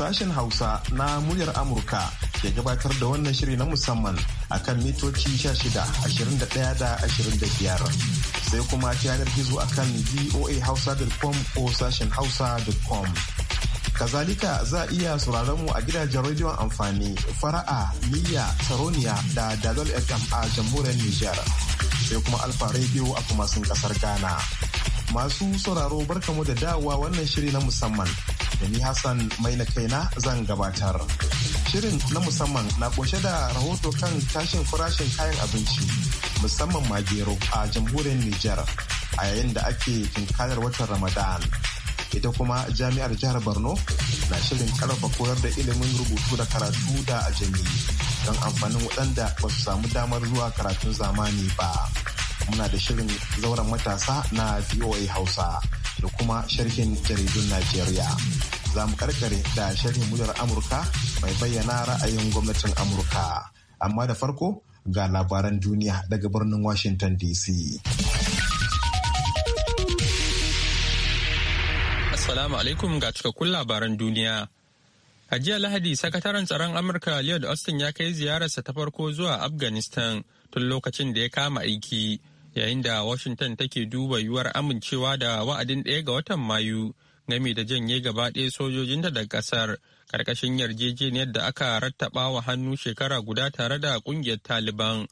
sashen Hausa na muryar Amurka ke gabatar da wannan shiri na musamman akan mitoci 16, 21 da 25. sai kuma ta yanar gizo a kan voahausa.com ko sashen hausa.com. Kazalika za a iya sauraron mu a gidajen rediyon amfani fara'a, niyya, saroniya da dalol FM a jamhuriyar Nijar. Sai kuma alfa Radio a kuma sun kasar Ghana. Masu sauraro barkamu da dawowa wannan shiri na musamman da ni Hassan mai na kaina zan gabatar. Shirin na musamman na kunshe da rahoto kan tashin farashin kayan abinci musamman ma gero a jamhuriyar Nijar a yayin da ake tunkarar watan Ramadan. Ita kuma jami'ar jihar Borno na shirin karfa koyar da ilimin rubutu da karatu da ajami don amfanin waɗanda ba su samu damar zuwa karatun zamani ba. Muna da shirin zauren matasa na VOA Hausa. da kuma sharhin jaridun Najeriya. za mu karkare da shirin muryar amurka mai bayyana ra'ayin gwamnatin amurka amma da farko ga labaran duniya daga birnin washington dc assalamu alaikum ga cikakkun labaran duniya a jiya lahadi sakataren tsaron amurka lloyd austin ya kai ziyararsa ta farko zuwa afghanistan tun lokacin da ya kama aiki yayin da washington take duba yiwuwar amincewa da wa'adin ɗaya ga watan mayu mai da janye gaba ɗaya sojojin da ƙasar ƙarƙashin yarjejeniyar da aka rattaba wa hannu shekara guda tare da ƙungiyar taliban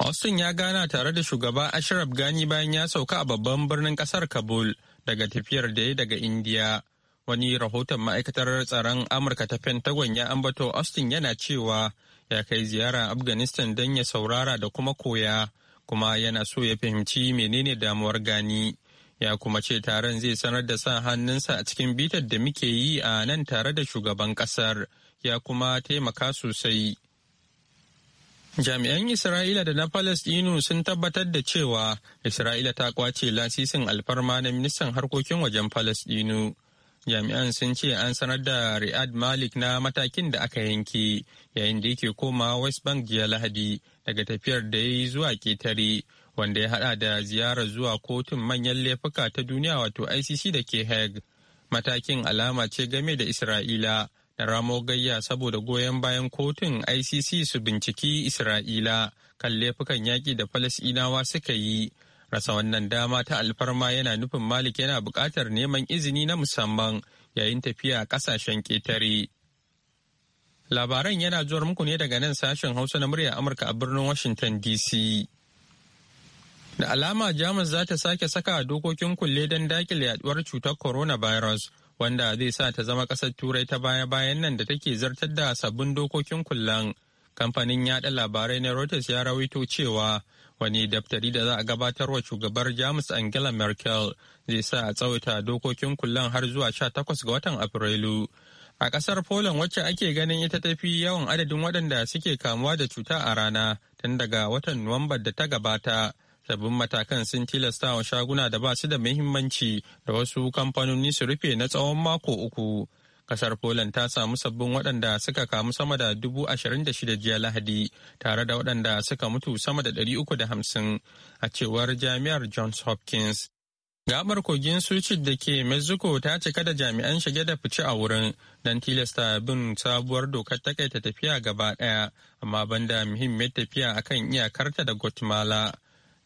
austin ya gana tare da shugaba ashraf gani bayan ya sauka a babban birnin ƙasar kabul daga tafiyar da ya daga indiya wani rahoton ma'aikatar tsaron amurka ta pentagon ya ambato austin yana cewa ya kai ziyara afghanistan don ya saurara da kuma koya kuma yana so ya fahimci menene damuwar gani ya kuma ce taron zai sanar da sa hannunsa a cikin bitar da muke yi a nan tare da shugaban kasar ya kuma taimaka sosai jami'an isra'ila da na palestinu sun tabbatar da cewa isra'ila ta kwace lasisin alfarma na ministan harkokin wajen palestinu jami'an sun ce an sanar da Riyad Malik na matakin da aka yanke yayin da yake koma West Bank jiya Lahadi daga tafiyar da ya yi zuwa ketare wanda ya hada da ziyarar zuwa kotun manyan laifuka ta duniya wato ICC da ke Hague. Matakin alama ce game da Isra'ila na ramo gayya saboda goyon bayan kotun ICC su binciki Isra'ila kan laifukan yaƙi da Falasɗinawa suka yi. Rasa wannan dama ta alfarma yana nufin Malik yana buƙatar neman izini na musamman yayin tafiya ƙasashen ƙetare. Labaran yana zuwar muku ne daga nan sashen Hausa na murya Amurka a birnin Washington DC. Da alama Jamus za ta sake saka dokokin kulle don dakile yaduwar cutar coronavirus wanda zai sa ta zama kasar turai ta baya-bayan nan da take zartar da sabbin dokokin kullan. Kamfanin yada labarai na Reuters ya rawaito cewa wani daftari da za a gabatar wa shugabar Jamus Angela Merkel zai sa a tsawaita dokokin kullan har zuwa sha takwas ga watan Afrilu. A kasar Poland wacce ake ganin ita tafi yawan adadin waɗanda suke kamuwa da cuta a rana tun daga watan Nuwambar da ta gabata. sabbin matakan sun tilasta wa shaguna da ba su da muhimmanci da wasu kamfanoni su rufe na tsawon mako uku kasar poland ta samu sabbin waɗanda suka kamu sama da dubu ashirin da shida jiya lahadi tare da waɗanda suka mutu sama da ɗari uku da hamsin a cewar jami'ar johns hopkins gabar kogin suci da ke mexico ta cika da jami'an shige da fice a wurin don tilasta bin sabuwar dokar takaita tafiya gaba ɗaya amma banda muhimmiyar tafiya akan iyakarta da guatemala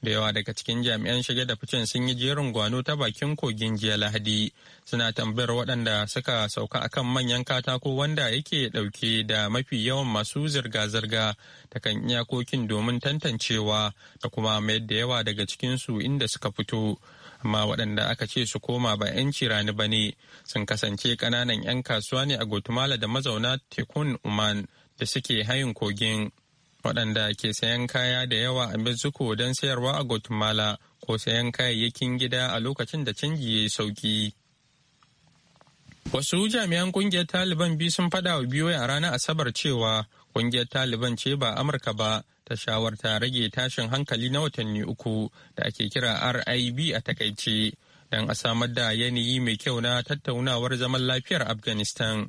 da yawa daga cikin jami'an shige da ficen sun yi jerin gwano ta bakin kogin jiya lahadi suna tambayar waɗanda suka sauka akan manyan katako wanda yake ɗauke da mafi yawan masu zirga-zirga ta kan iyakokin domin tantancewa da kuma mayar da yawa daga cikin su inda suka fito amma waɗanda aka ce su koma ba 'yanci rani ba ne sun kasance ƙananan 'yan kasuwa ne a guatemala da mazauna tekun uman da suke hayin kogin waɗanda ke sayan kaya da yawa a mexico don sayarwa a guatemala ko sayan kayayyakin gida a lokacin da canji ya sauki wasu jami'an ƙungiyar taliban biyu sun faɗa wa a ranar asabar cewa ƙungiyar taliban ce ba amurka ba ta shawarta rage tashin hankali na watanni uku da ake kira rib a takaice don a samar da yanayi mai kyau na tattaunawar zaman lafiyar afghanistan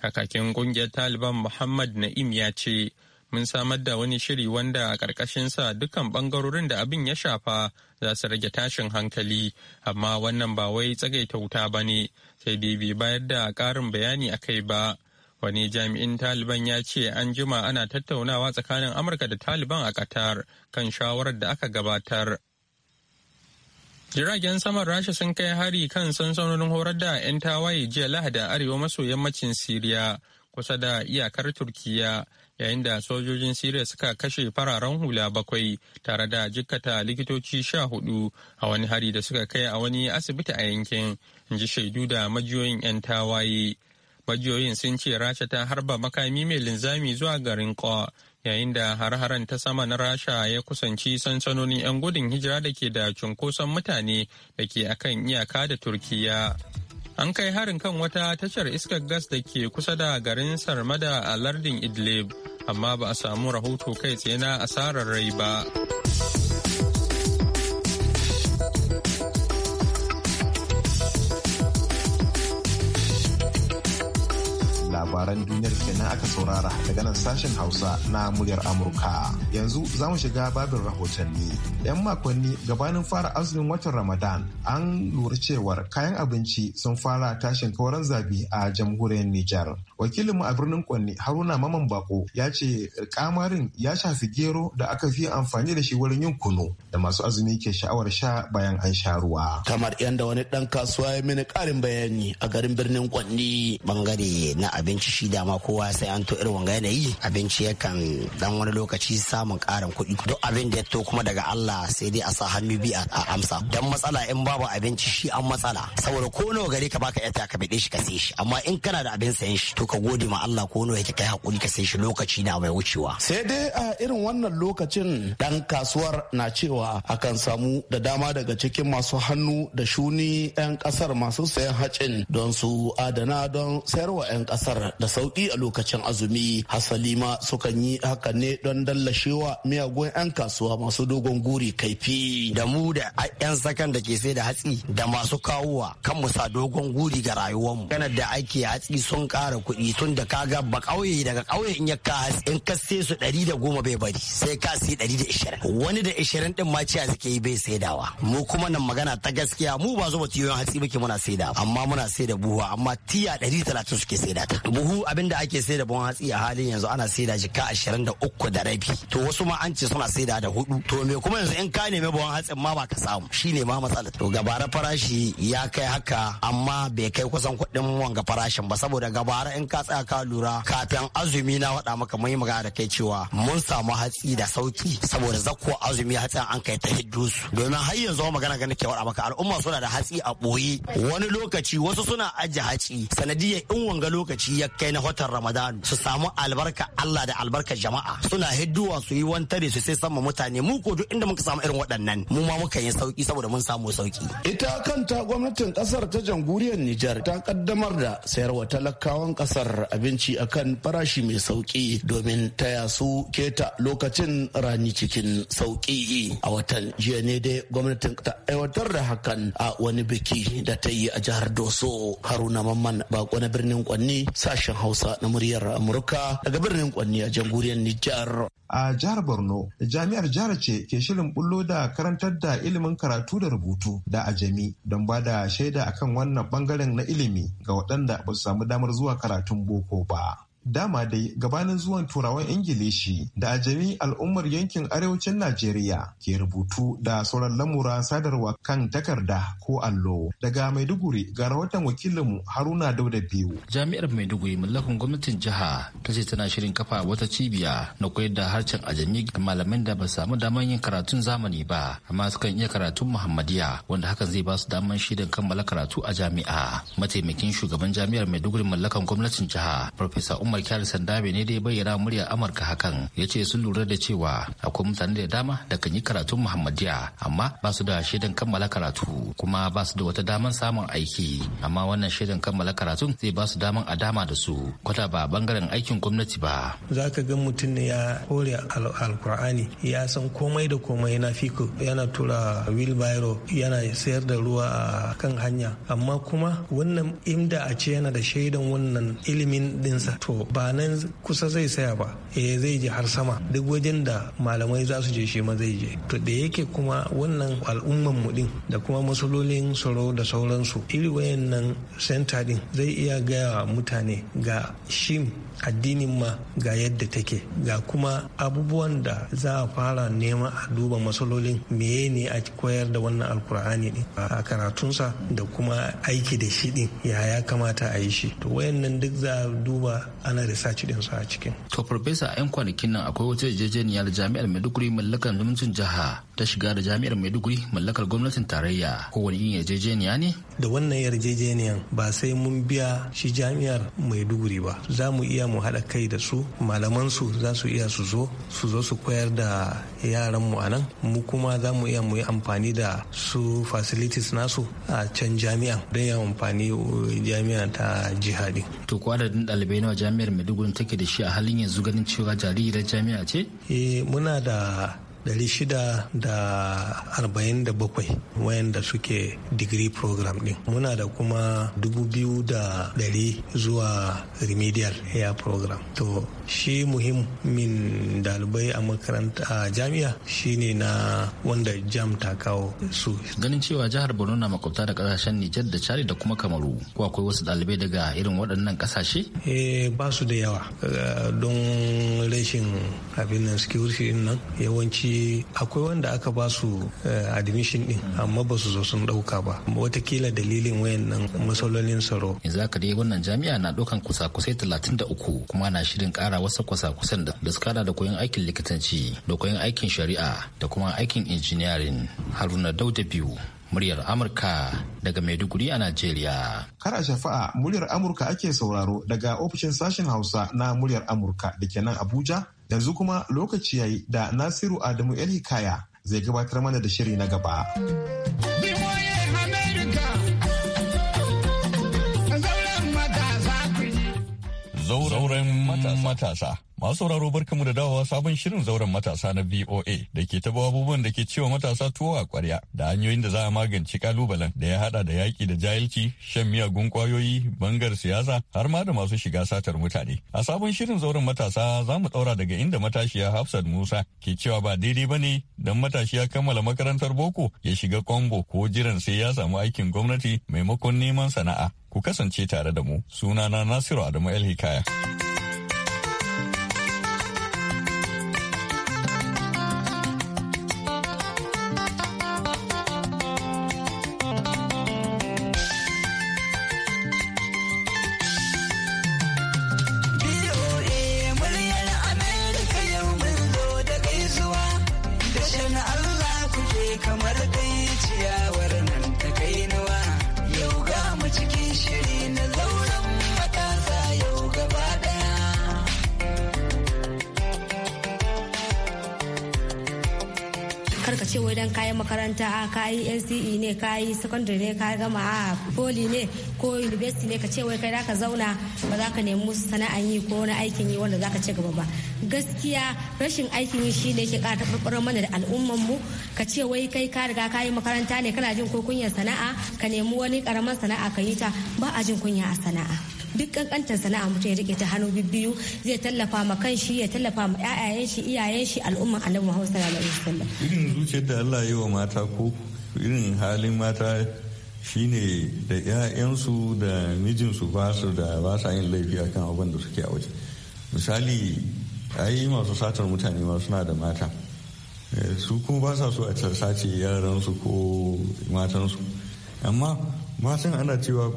kakakin ƙungiyar taliban muhammad na'im ya ce mun samar da wani shiri wanda a ƙarƙashinsa dukkan ɓangarorin da abin ya shafa za su rage tashin hankali amma wannan ba wai tsagaita wuta ba ne sai dai bai bayar da ƙarin bayani a kai ba wani jami'in taliban ya ce an jima ana tattaunawa tsakanin amurka da taliban a qatar kan shawarar da aka gabatar jiragen saman rasha sun kai hari kan sansanonin horar da 'yan tawaye jiya lahadi arewa maso yammacin siriya kusa da iyakar turkiya yayin da sojojin Siriya suka kashe fararen hula bakwai tare da jikkata likitoci sha hudu a wani hari da suka kai a wani asibiti a yankin, in ji shaidu da majiyoyin 'yan tawaye. Majiyoyin sun ce Rasha ta harba makami mai linzami zuwa garin Kwa yayin da har-haren ta sama na Rasha ya kusanci sansanonin 'yan gudun hijira da ke da cunkoson mutane da ke akan iyaka da Turkiya. An kai harin kan wata tashar iskar gas da ke kusa da garin Sarmada a lardin Idlib. amma ba a samu rahoto kai tsaye na asarar rai ba. labaran duniyar kenan aka saurara daga nan sashen hausa na muryar amurka yanzu za mu shiga babin rahotanni yan makonni gabanin fara azumin watan ramadan an lura cewar kayan abinci sun fara tashin kauran zabi a jamhuriyar nijar wakilin mu a birnin kwanni haruna maman bako ya ce kamarin ya shafi gero da aka fi amfani da shi wurin yin kunu da masu azumi ke sha'awar sha bayan an sha ruwa kamar yadda wani dan kasuwa ya mini karin bayani a garin birnin kwanni bangare na abin abinci shi dama kowa sai an to irin wanga yanayi abinci yakan dan wani lokaci samun karin kuɗi duk abin da ya to kuma daga Allah sai dai a sa hannu bi a amsa dan matsala in babu abinci shi an matsala saboda ko nawa gare ka baka yata ka bide shi ka sai shi amma in kana da abin sayan shi to ka gode ma Allah ko nawa yake kai hakuri ka sai shi lokaci na mai wucewa sai dai a irin wannan lokacin dan kasuwar na cewa akan samu da dama daga cikin masu hannu da shuni 'yan kasar masu sayan hacin don su adana don sayarwa 'yan kasar kasar da sauki a lokacin azumi hasali ma sukan yi haka ne don dallashewa miyagun 'yan kasuwa masu dogon guri kaifi da mu da 'yan sakan da ke sai da hatsi da masu kawowa kan mu sa dogon guri ga rayuwarmu ganar da ake hatsi sun kara kuɗi tun da ka kaga ba ƙauye daga ƙauye in ya ka hatsi in ka sai su ɗari da goma bai bari sai ka sai ɗari da ishirin wani da ishirin ɗin ma ciya suke yi bai saidawa mu kuma nan magana ta gaskiya mu ba zuba tiyoyin hatsi muke muna saidawa amma muna da buhu amma tiya ɗari talatin suke saida ta buhu abinda ake sai da buhun hatsi a halin yanzu ana sai da jika ashirin da uku da rabi to wasu ma an ce suna sai da da hudu to me kuma yanzu in ka nemi buhun hatsin ma ba ka samu shine ma matsala to gabara farashi ya kai haka amma bai kai kusan kuɗin wanga farashin ba saboda gabara in ka tsaya ka lura kafin azumi na waɗa maka mai magana da kai cewa mun samu hatsi da sauki saboda zakko azumi hatsin an kai ta hiddu su domin har yanzu magana ga nake wada maka al'umma suna da hatsi a boye wani lokaci wasu suna ajiye hatsi sanadiyar in wanga lokaci ya kai na watan Ramadan su samu albarka Allah da albarka jama'a suna hidduwa su yi tare su sai sama mutane mu ko duk inda muka samu irin waɗannan mu ma muka yi sauki saboda mun samu sauki. Ita kanta gwamnatin kasar ta jamhuriyar Nijar ta kaddamar da sayarwa talakawan kasar abinci akan farashi mai sauki domin taya su keta lokacin rani cikin sauki a watan jiya ne dai gwamnatin ta aiwatar da hakan a wani biki da ta yi a jihar Doso Haruna Mamman bako na birnin Kwanni sashen Hausa na muryar Amurka daga birnin Kwanni a jamhuriyar Nijar. A jihar Borno, jami'ar jihar ce ke shirin bullo da karantar da ilimin karatu da rubutu da ajami don ba da shaida akan wannan bangaren na ilimi ga waɗanda ba su samu damar zuwa karatun boko ba. Dama dai gabanin zuwan turawan Ingilishi da ajami al'ummar yankin arewacin Najeriya ke rubutu da sauran lamura sadarwa kan takarda ko allo. Daga Maiduguri ga rahoton wakilinmu Haruna Dauda biyu. Jami'ar Maiduguri mallakun gwamnatin jiha ta ce tana shirin kafa wata cibiya na koyar da harshen ajami ga malamin da ba samu damar yin karatun zamani ba amma sukan iya karatun Muhammadiya wanda hakan zai ba su damar shirin kammala karatu a jami'a. Mataimakin shugaban jami'ar Maiduguri mallakan gwamnatin jiha Farfesa Umar michael sandabe ne dai bayyana muryar amurka hakan ya ce sun lura da cewa akwai mutane da dama da kan yi karatun muhammadiya amma ba su da shaidan kammala karatu kuma ba su da wata daman samun aiki amma wannan shaidan kammala karatun zai ba su daman a dama da su kwata ba bangaren aikin gwamnati ba za ka ga mutum ne ya kore alkur'ani ya san komai da komai na fiko yana tura wheelbarrow yana sayar da ruwa a kan hanya amma kuma wannan inda a ce yana da shaidan wannan ilimin dinsa to ba nan kusa zai saya ba eh zai je har sama duk wajen da malamai za su je shi ma zai je to da yake kuma wannan al'umman mu din da kuma masalolin tsaro da sauransu iri wayannan senta din zai iya gaya mutane ga shim addinin ma ga yadda take ga kuma abubuwan da za a fara nema a duba matsalolin meye ne a koyar da wannan alkur'ani din a karatunsa da kuma aiki da shi din ya kamata a yi shi to wayannan duk za a duba ana da sa din su a cikin. To a 'yan kwanakin nan akwai wata yarjejeniyar jami'ar Maiduguri mallakar zumuncin jiha ta shiga da jami'ar maiduguri mallakar gwamnatin tarayya ko wani yin yarjejeniya ne da wannan yarjejeniyan ba sai mun biya shi jami'ar maiduguri ba za mu iya mu haɗa kai da su malaman su za su iya su zo su zo su koyar da yaran mu anan mu kuma za mu iya mu yi amfani da su facilities nasu a can jami'a don yawan amfani uh, jami'a ta jihadi to ko adadin ɗalibai nawa jami'ar maiduguri take da shi a halin yanzu ganin cewa jarirar jami'a ce eh muna da 647 wayanda suke digiri program din muna da kuma 2,100 zuwa remedial air program to shi muhim min dalibai a makaranta a jami'a shine na wanda jam ta kawo su ganin cewa jihar borno na makwabta da kasashen nijar da chari da kuma kamaru ko akwai wasu dalibai daga irin waɗannan kasashe eh, ba su da yawa don rashin abin nan security din nan yawanci akwai wanda aka ba su eh, admission din amma ba su zo sun ɗauka ba watakila dalilin wayannan masalolin tsaro yanzu aka dai wannan jami'a na ɗaukan kusa-kusai 33 kuma na shirin ƙara hada wasu kwasa-kwasan da suka da koyon aikin likitanci da koyon aikin shari'a da kuma aikin injiniyarin haruna dauda biyu muryar Amurka daga Maiduguri a Najeriya. a shafa'a muryar Amurka ake sauraro daga ofishin sashen Hausa na muryar Amurka da ke nan Abuja. Yanzu kuma lokaci yayi da Nasiru Adamu El Hikaya zai gabatar mana da shiri na gaba. zauren matasa. Masu sauraro barkamu da dawowa sabon shirin zauren matasa na VOA da ke taba abubuwan da ke cewa matasa tuwo a kwarya da hanyoyin da za a magance kalubalen da ya hada da yaki da jahilci, shan miyagun kwayoyi, bangar siyasa har ma da masu shiga satar mutane. A sabon shirin zauren matasa za mu daura daga inda matashiya Hafsat Musa ke cewa ba daidai ba ne don matashiya kammala makarantar boko ya shiga kwambo ko jiran sai ya samu aikin gwamnati maimakon neman sana'a. Ku kasance tare da mu. Sunana Nasiru Adamu El Hikaya. gidan kayan makaranta a kayi NCE ne kayi secondary ne ka gama a poli ne ko university ne ka ce wai kai ka zauna ba za ka nemi sana'an yi ko wani aikin yi wanda za ka ci gaba ba gaskiya rashin aikin yi shine ke ƙara taɓarɓarar mana da al'umman mu ka ce wai kai ka riga kayi makaranta ne kana jin ko kunyar sana'a ka nemi wani karaman sana'a ka yi ta ba a jin kunya a sana'a duk kankantar sana'a mutum ya rike ta hannu biyu zai tallafa ma kanshi ya tallafa ma ƴaƴayen shi iyayen shi al'umman annabi Muhammad sallallahu alaihi wasallam irin zuciyar da Allah yi wa mata ko irin halin mata shine da 'ya'yansu da mijinsu ba su da ba sa yin laifi akan abin da suke a waje misali ai masu satar mutane ma suna da mata eh, su kuma ba sa so a sace yaransu ko matansu amma matan ana cewa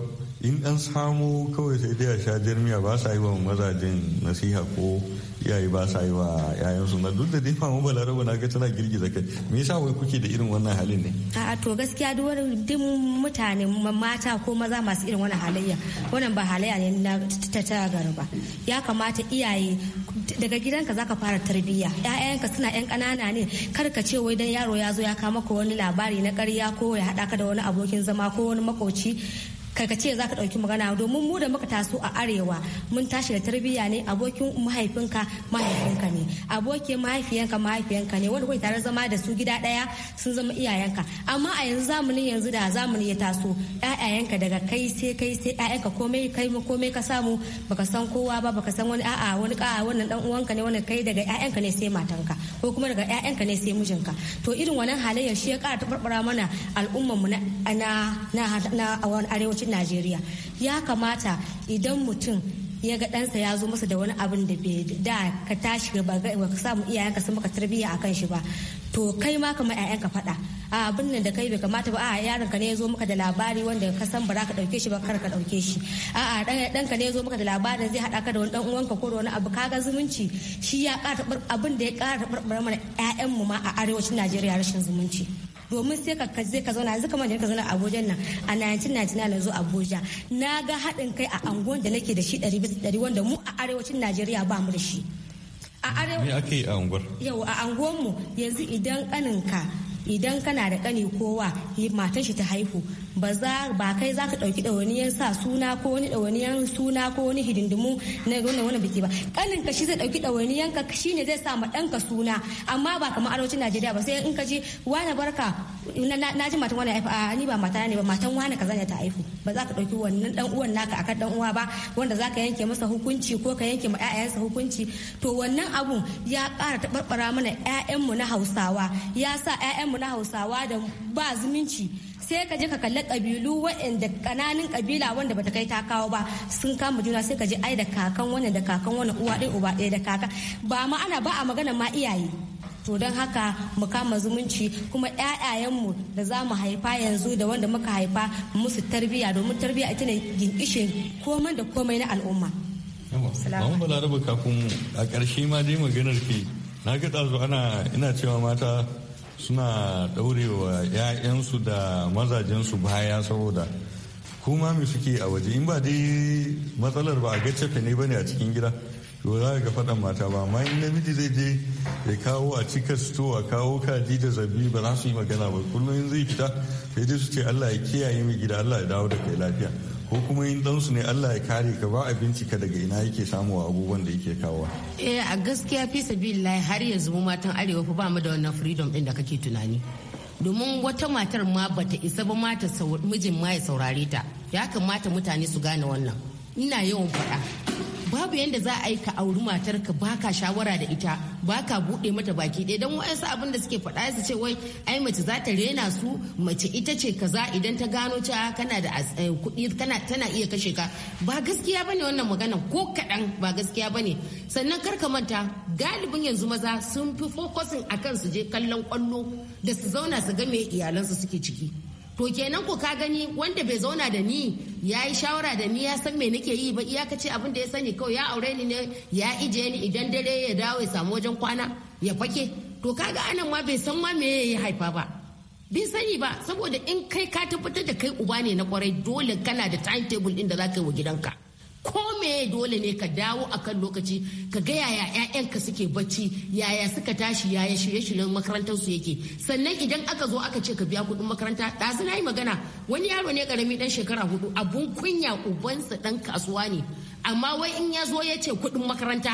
in an samu kawai sai dai a sha jirmiya ba sa yi wa mazajen nasiha ko iyaye ba sa yi wa yayansu na duk da dai famu balaraba na ga tana girgiza kai me yasa wai kuke da irin wannan halin ne a'a to gaskiya duk wani duk mutane mata ko maza masu irin wannan halayya wannan ba halayya ne na ta gari ba ya kamata iyaye daga gidanka zaka fara tarbiyya ƴaƴanka suna ƴan ƙanana ne kar ka ce wai dan yaro ya zo ya kama ka wani labari na ƙarya ko ya haɗa ka da wani abokin zama ko wani makoci karka ce za ka ɗauki magana domin mu da muka taso a arewa mun tashi da tarbiyya ne abokin mahaifinka mahaifinka ne abokin mahaifiyanka mahaifiyanka ne wanda kai tare zama da su gida ɗaya sun zama iyayenka amma a yanzu zamanin yanzu da zamani ya taso ƴaƴayenka daga kai sai kai sai ƴaƴanka komai kai komai ka samu baka san kowa ba baka san wani a'a wani ka'a wannan dan uwanka ne wannan kai daga ƴaƴanka ne sai matanka ko kuma daga ƴaƴanka ne sai mijinka to irin wannan halayyar shi ya ƙara tabarbara mana al'ummar mu na na na a arewacin arewacin najeriya ya kamata idan mutum ya ga ɗansa ya zo masa da wani abin da bai da ka tashi ba ka samu iyayenka sun maka tarbiyya a kan shi ba to kai ma kamar ƴaƴanka faɗa a abin nan da kai bai kamata ba a yaron ka ne ya zo maka da labari wanda ka san ba za ka ɗauke shi ba kar ka ɗauke shi a a ɗan ka ne ya zo maka da labarin zai haɗa ka da wani ɗan uwanka ko da wani abu kaga zumunci shi ya ƙara abin da ya ƙara taɓarɓar mana mu ma a arewacin Najeriya rashin zumunci. domin sai ka zai ka zauna yanzu kamar da ka zauna a Abuja nan a 1999 na zo Abuja na ga haɗin kai a angon da nake da shi bisa ɗari wanda mu a arewacin Najeriya ba mu da shi a arewa me ake yi a unguwar mu yanzu idan kaninka idan kana da kani kowa matan shi ta haihu ba kai za ka ɗauki ɗawainiyar sa suna ko wani ɗawainiyar suna ko wani hidindimu na wannan wani biki ba kanin ka shi zai ɗauki ɗawainiyar ka shi ne zai sa ma suna amma ba kamar arewacin najeriya ba sai in ka ji wani barka na ji matan wani a ni ba mata ne ba matan wani ka ne ta haihu ba za ka ɗauki wannan dan uwan naka akan dan uwa ba wanda za ka yanke masa hukunci ko ka yanke ma 'ya'yansa hukunci to wannan abun ya ƙara tabarbara mana mu na hausawa ya sa 'ya'yanmu na hausawa da ba zumunci sai ka je ka kalli kabilu waɗanda kananun kabila wanda bata kai ta kawo ba sun kama juna sai ka je ai da kakan wani da kakan wani uwa ɗaya uba ɗaya da kaka ba ma ana ba a magana ma iyaye to don haka mu kama zumunci kuma mu da za mu haifa yanzu da wanda muka haifa musu tarbiya domin tarbiya ita ne gingishin komai da komai na al'umma. Mamu Balaraba kafin a ƙarshe ma dai maganar ke na ga ana ina cewa mata suna ɗaurewa 'ya'yansu da mazajensu baya saboda kuma mai suke a waje in ba dai matsalar ba a ga ba ne bane a cikin gida to za ga faɗan mata ba amma in namiji zai je ya kawo a cika sito a kawo kaji da zabi ba za su yi magana ba kullum zai fita sai dai su ce Allah ya kiyaye mai gida Allah ya dawo da kai lafiya ko kuma dan su ne Allah ya kare ka ba a bincika daga ina yake samu abubuwan da yake kawo. Eh a gaskiya fi sabilillah har yanzu mu matan arewa fa ba mu da wannan freedom din da kake tunani. Domin wata matar ma bata isa ba mata mijin ma ya saurare ta. Ya kamata mutane su gane wannan. Ina yawan faɗa. babu yadda za a yi ka auri matar ka baka shawara da ita baka bude mata baki ɗaya don wa'ansu abin da suke faɗa su ce wai ai mace za ta rena su mace ita ce kaza idan ta gano cewa kana da eh, kuɗi kana tana iya kashe ka ba gaskiya bane wannan magana ko kaɗan ba gaskiya bane sannan kar ka manta galibin yanzu maza sun fi fokasin akan su je kallon kwallo da su zauna su ga me iyalansu suke ciki to kenan ku ka gani wanda bai zauna da ni ya yi shawara da ni ya san me nake yi ba iyakaci abin da ya sani kawai ya aure ni ne ya ije ni idan dare ya dawo ya samu wajen kwana ya fake to kaga anan ma bai san ma me ya haifa ba bai sani ba saboda in kai ka tabbatar da kai uba ne na kwarai dole kana da timetable din da za ka yi wa gidanka ko me dole ne ka dawo a kan lokaci ka ga yaya ka suke bacci yaya suka tashi yaya shirye-shiryen makarantar su yake sannan idan aka zo aka ce ka biya kuɗin makaranta ɗazu na yi magana wani yaro ne karami dan shekara hudu abun kunya ubansa dan kasuwa ne amma wai in ya zo ya ce kuɗin makaranta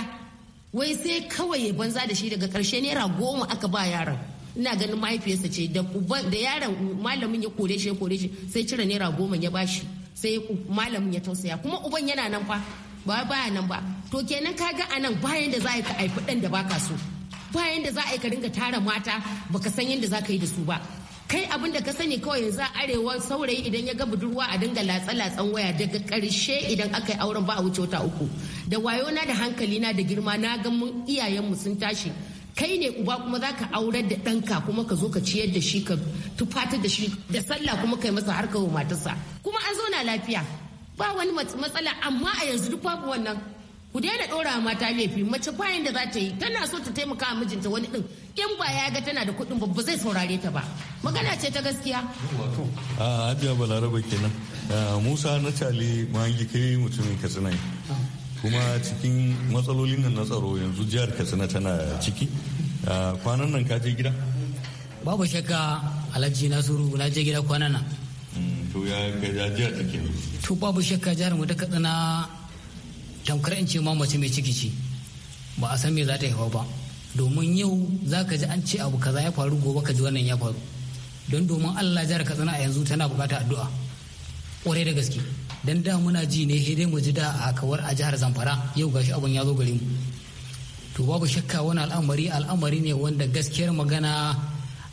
wai sai kawai ya banza da shi daga ƙarshe naira goma aka ba yaron ina ganin mahaifiyarsa ce da yaron malamin ya kore shi ya kore shi sai cire naira goma ya bashi sai malamin ya tausaya kuma uban yana nan fa ba baya nan ba to kenan kaga anan bayan da za a yi ka haifi dan da baka so bayan da za a yi ka ringa tara mata baka san yadda za ka yi da su ba kai abin da ka sani kawai yanzu a arewa saurayi idan ya ga budurwa a dinga latsa-latsan waya daga karshe idan aka yi auren ba a wuce wata uku da wayona da hankalina da girma na ga mun iyayenmu sun tashi kai ne uba kuma za ka aurar da ɗanka kuma ka zo ka ciyar da shi ka tufatar da shi da sallah kuma kai masa harkar matarsa kuma an zauna lafiya ba wani matsala amma a yanzu duk babu wannan ku daina ɗora mata laifi mace bayan da za ta yi tana so ta taimaka mijinta wani ɗin in ba ya ga tana da kuɗin babba zai saurare ta ba magana ce ta gaskiya. a hajiya balaraba kenan musa na cali mahangi kai mutumin katsina kuma cikin matsalolin nan na tsaro yanzu jihar katsina tana ciki kwanan nan ka je gida babu shakka alhaji nasiru na je gida kwanan nan mm, to ya ga jihar take to babu shakka jihar mu ta katsina tamkar in ce ma mace mai ciki ce ba a san me za ta haifa ba domin yau za ka ji an ce abu kaza ya faru gobe ka ji wannan ya faru don domin allah jihar katsina a yanzu tana bukata addu'a kwarai da gaske dan da muna ji ne sai dai mu ji da a kawar a jihar zamfara yau gashi abun ya zo gare mu to babu shakka wani al'amari al'amari ne wanda gaskiyar magana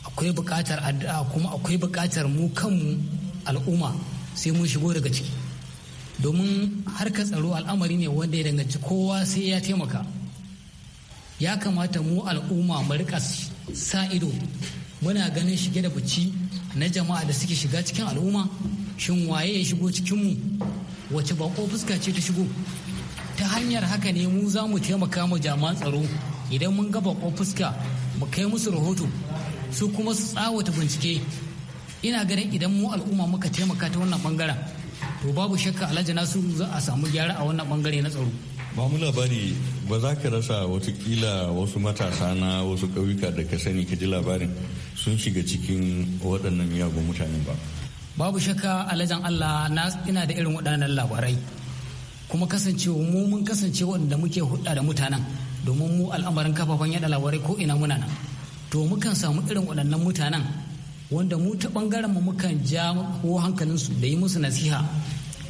akwai buƙatar addu'a kuma akwai buƙatar mu kanmu al'umma sai mun shigo daga ciki domin harkar tsaro al'amari ne wanda ya danganci kowa sai ya taimaka ya kamata mu al'umma mu rika sa ido muna ganin shige da bici na jama'a da suke shiga cikin al'umma shin waye ya shigo cikinmu wace bako fuska ce ta shigo ta hanyar haka ne mu za mu taimaka mu jami'an tsaro idan mun ga bako fuska mu kai musu rahoto su kuma su tsawata bincike ina ganin idan mu al'umma muka taimaka ta wannan bangaren to babu shakka alhaji nasu za a samu gyara a wannan bangare na tsaro ba mu labari ba za ka rasa watakila wasu matasa na wasu ƙauyuka da ka sani ka ji labarin sun shiga cikin waɗannan miyagun mutane ba babu shakka alajan allah na ina da irin waɗannan labarai kuma kasancewa mu mun kasance waɗanda muke hudda da mutanen domin mu al'amarin kafafen yada labarai ko ina muna nan to mukan samu irin waɗannan mutanen wanda mu ta ɓangaren mu mukan ja ko hankalin su da yi musu nasiha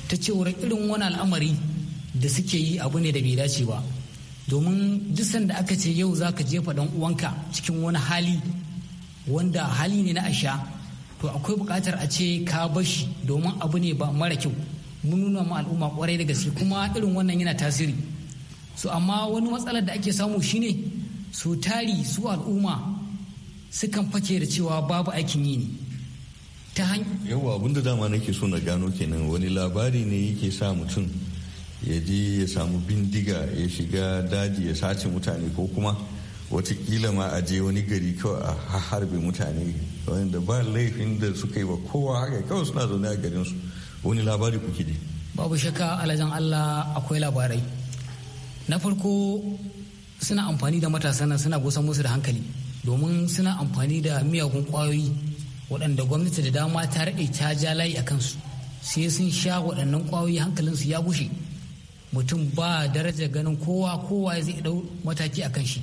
ta cewa irin wani al'amari da suke yi abu ne da bai dace ba domin duk sanda aka ce yau za ka jefa ɗan uwanka cikin wani hali wanda hali ne na asha to akwai buƙatar a ce ka bashi domin abu ne ba mara kyau mun nuna ma al'umma kwarai da gaske kuma irin wannan yana tasiri so amma wani matsalar da ake samu shine su tari su al'umma sukan fake da cewa babu aikin yi ne ta yawa abinda dama nake so na gano kenan wani labari ne yake sa mutum ya je ya samu bindiga ya shiga daji ya sace mutane ko kuma watakila ma a je wani gari kawai a harbe mutane wanda ba laifin da suka yi wa kowa haka kawai suna zaune a garinsu wani labari kuke ne babu shakka alajan allah akwai labarai na farko suna amfani da matasan nan suna gusan musu da hankali domin suna amfani da miyagun kwayoyi waɗanda gwamnati da dama ta raɗe ta ja layi a kansu sai sun sha waɗannan kwayoyi hankalinsu ya bushe mutum ba daraja ganin kowa kowa zai ɗau mataki a kan shi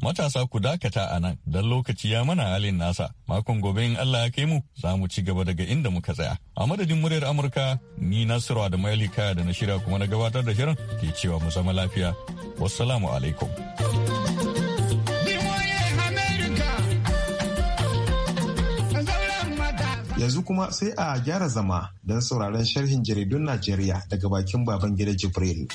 Matasa ku dakata a nan don lokaci ya mana halin nasa. Makon gobe in Allah ya kai mu za mu ci gaba daga inda muka tsaya. A madadin muryar Amurka ni Nasiru da Kaya da na shirya kuma na gabatar da shirin ke cewa mu zama lafiya. Wassalamu alaikum. Yanzu kuma sai a gyara zama don sauraron sharhin jaridun Najeriya daga bakin baban gida Jibril.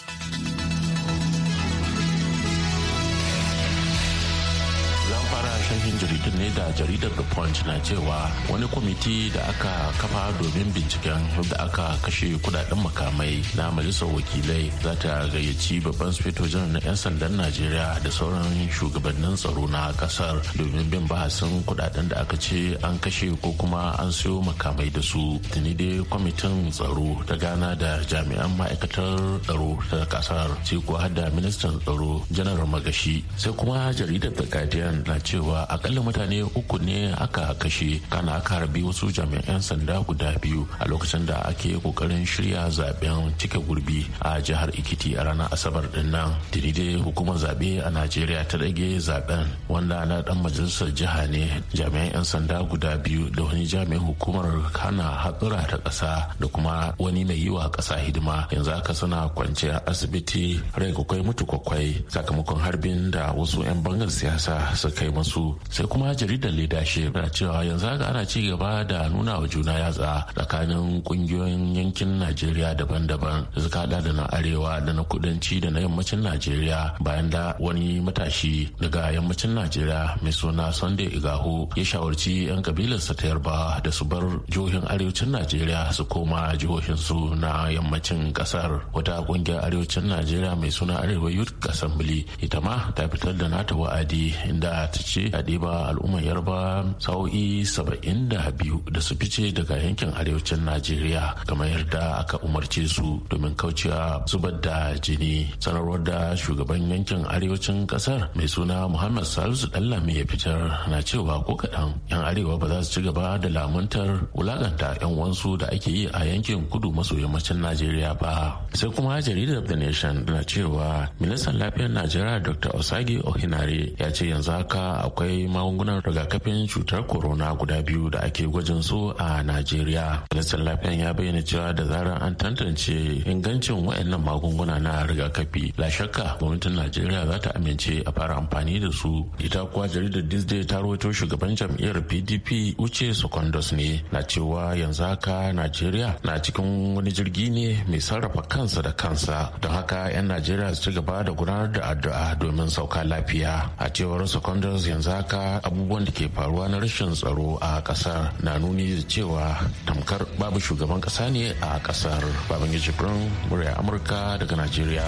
da jaridar the punch na cewa wani kwamiti da aka kafa domin binciken da aka kashe kudaden makamai na majalisar wakilai za ta gayyaci babban sufeto janar na 'yan sandan najeriya da sauran shugabannin tsaro na kasar domin bin bahasin kudaden da aka ce an kashe ko kuma an siyo makamai da su tuni dai kwamitin tsaro ta gana da jami'an ma'aikatar tsaro ta kasar sai kuwa hada ministan tsaro janar magashi sai kuma jaridar the guardian na cewa akalla mutane uku ne aka kashe kana aka harbi wasu jami'an sanda guda biyu a lokacin da ake kokarin shirya zaben cike gurbi a jihar ikiti a ranar asabar din nan daidai hukumar zabe a najeriya ta dage zaben wanda na dan majalisar jiha ne jami'an 'yan sanda guda biyu da wani jami'in hukumar kana hatsura ta kasa da kuma wani mai yi wa ƙasa hidima yanzu aka suna kwanciya asibiti rai kwakwai mutu kwakwai sakamakon harbin da wasu 'yan bangar siyasa su yi masu sai kuma jaridar jaridar leadership na cewa yanzu haka ana ci gaba da nuna wa juna yatsa tsakanin kungiyoyin yankin najeriya daban-daban da suka hada da na arewa da na kudanci da na yammacin najeriya bayan da wani matashi daga yammacin najeriya mai suna sunday igaho ya shawarci 'yan kabilarsa ta yarba da su bar jihohin arewacin najeriya su koma jihohin su na yammacin kasar wata kungiyar arewacin najeriya mai suna arewa youth assembly ita ma ta fitar da nata wa'adi inda ta ce a ɗiba al'umma yarba sa'o'i saba'in da biyu da su fice daga yankin arewacin najeriya kamar yarda aka umarce su domin kaucewa zubar da jini sanarwar da shugaban yankin arewacin kasar mai suna muhammad salisu dallami ya fitar na cewa ko kaɗan yan arewa ba za su ci gaba da lamuntar wulaganta yan wansu da ake yi a yankin kudu maso yammacin najeriya ba sai kuma jaridar the nation na cewa ministan lafiyar najeriya dr osage ohinare ya ce yanzu haka akwai magungunan rigakafin cutar corona guda biyu da ake gwajin su a najeriya ministan lafiyan ya bayyana cewa da zarar an tantance ingancin wayannan magunguna na rigakafi la shakka gwamnatin najeriya za ta amince a fara amfani da su ita kuwa jaridar disney ta rawaito shugaban jam'iyyar pdp uche secondos ne na cewa yanzu haka najeriya na cikin wani jirgi ne mai sarrafa kansa da kansa don haka 'yan najeriya su ci gaba da gudanar da addu'a domin sauka lafiya a cewar secondos yanzu haka abubuwa abubuwan da ke faruwa na rashin tsaro a kasar na nuni da cewa tamkar babu shugaban kasa ne a kasar babangiji jibrin murya amurka daga najeriya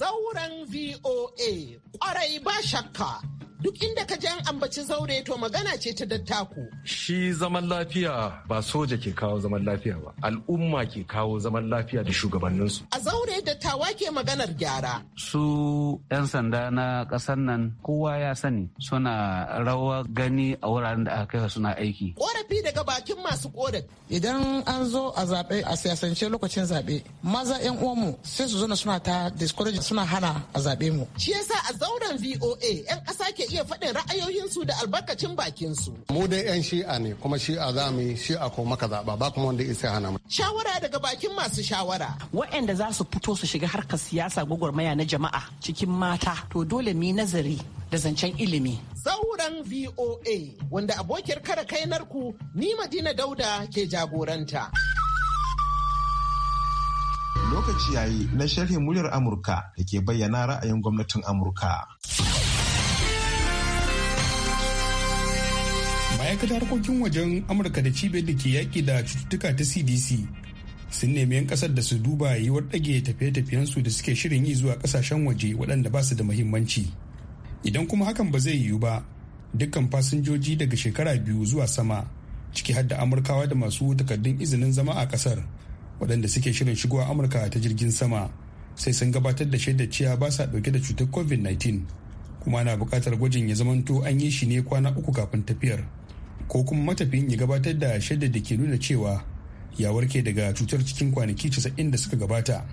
Sauran voa kwarai ba shakka duk inda ka an ambaci aure to magana ce ta dattako. Shi zaman lafiya ba soja ke kawo zaman lafiya ba, al'umma ke kawo zaman lafiya da shugabanninsu. A zaure dattawa ke maganar gyara. Su 'yan sanda na ƙasar nan kowa ya sani suna rawa gani a wuraren da aka kai suna aiki. Korafi daga bakin masu korafi. Idan an zo a zaɓe a siyasance lokacin zaɓe, maza 'yan uwanmu sai su zuna suna ta discourage suna hana a zaɓe mu. Shi yasa a zauren VOA 'yan ƙasa ke iya faɗin ra'ayoyinsu da albarkatu albarkacin bakin su. Mu dai 'yan shi'a ne kuma shi'a za mu yi shi'a ko maka zaɓa ba kuma wanda isa hana Shawara daga bakin masu shawara. Wa'anda za su fito su shiga harkar siyasa gwagwarmaya na jama'a cikin mata to dole mu nazari da zancen ilimi. Sauran VOA wanda abokiyar kare kai narku ni Madina Dauda ke jagoranta. Lokaci yayi na sharhin muryar Amurka da ke bayyana ra'ayin gwamnatin Amurka. ma'aikatar harkokin wajen amurka da cibiyar da ke yaƙi da cututtuka ta cdc sun nemi 'yan kasar da su duba yiwuwar ɗage tafiye su da suke shirin yi zuwa kasashen waje waɗanda ba su da muhimmanci idan kuma hakan ba zai yiwu ba dukkan fasinjoji daga shekara biyu zuwa sama ciki har da amurkawa da masu takardun izinin zama a ƙasar waɗanda suke shirin shigowa amurka ta jirgin sama sai sun gabatar da shaidar cewa ba sa ɗauke da cutar covid-19 kuma na buƙatar gwajin ya zamanto an yi shi ne kwana uku kafin tafiyar ko kuma matafiyin ya gabatar da shaidar da ke nuna cewa ya warke daga cutar cikin kwanaki casa'in da suka gabata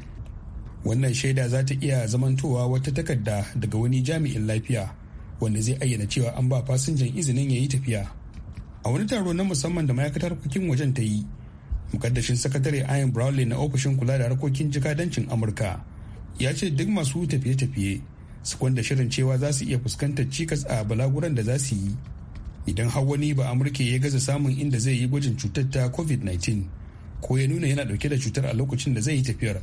wannan shaida za ta iya zamantowa wata takarda daga wani jami'in lafiya wanda zai ayyana cewa an ba fasinjan izinin ya yi tafiya a wani taro na musamman da ma'aikatar harkokin wajen ta yi mukaddashin sakatare ayan Brownlee na ofishin kula da harkokin jikadancin amurka ya ce duk masu tafiye-tafiye su kwanda shirin cewa za su iya fuskantar cikas a balaguran da za su yi idan har wani ba amurke ya gaza samun inda zai yi gwajin cutar ta covid-19 ko ya nuna yana dauke da cutar a lokacin da zai yi tafiyar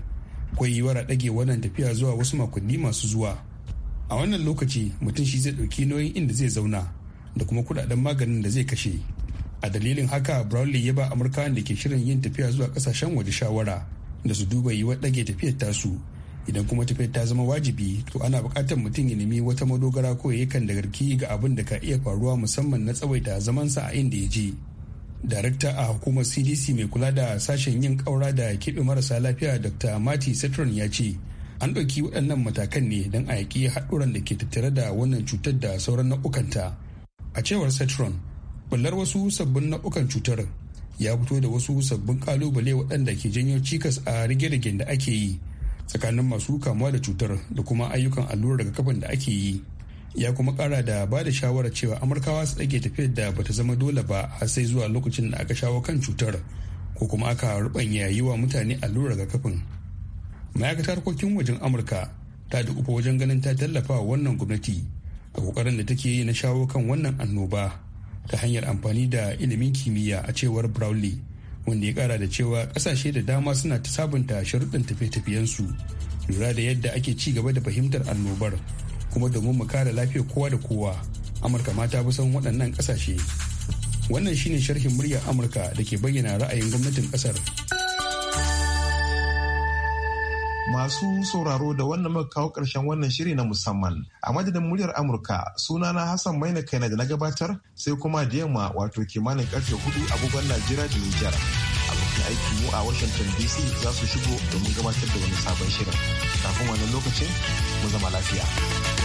akwai yiwuwar a ɗage wannan tafiya zuwa wasu makonni masu zuwa a wannan lokaci mutum shi zai ɗauki nauyin inda zai zauna da kuma kuɗaɗen maganin da zai kashe a dalilin haka brownlee ya ba amurkawan da ke shirin yin tafiya zuwa ƙasashen waje shawara da su duba wa ɗage tafiyar tasu idan kuma tafiyar ta zama wajibi to ana buƙatar mutum ya nemi wata madogara ko ya kan dagarki ga abin da ka iya faruwa musamman na tsawaita zamansa a inda ya je darakta a hukumar cdc mai kula da sashen yin ƙaura da keɓe marasa lafiya dr mati setron ya ce an ɗauki waɗannan matakan ne don a yaƙi haɗuran da ke tattare da wannan cutar da sauran nau'ukanta a cewar setron ɓullar wasu sabbin nau'ukan cutar ya fito da wasu sabbin ƙalubale waɗanda ke janyo cikas a rige-rigen da ake yi tsakanin masu kamuwa da cutar da kuma ayyukan allurar daga kafin da ake yi ya kuma kara da ba da shawarar cewa amurkawa su ɗage tafiyar da bata zama dole ba har sai zuwa lokacin da aka shawo kan cutar ko kuma aka rubanya yi wa mutane allurar daga kafin ma'aikatar harkokin wajen amurka ta dukufa wajen ganin ta tallafa wa wannan gwamnati a kokarin da take yi na shawo kan wannan annoba ta hanyar amfani da ilimin kimiyya a cewar Brownlee wanda ya kara da cewa kasashe da dama suna ta sabunta sharuɗin tafiye-tafiyensu lura da yadda ake ci gaba da fahimtar annobar kuma domin mu kare lafiyar kowa da kowa amurka ma ta san waɗannan kasashe wannan shine sharhin muryar amurka da ke bayyana ra'ayin gwamnatin ƙasar. Masu sauraro da wannan muka kawo karshen wannan shiri na musamman. A madadin muryar Amurka sunana Hassan Maina kaina da na gabatar sai kuma da yamma wato kimanin karfe hudu agogon Najeriya da Nijar. Abokan aiki mu a Washington DC za su shigo domin gabatar da wani sabon shirin. Kafin wannan lokacin mu zama lafiya.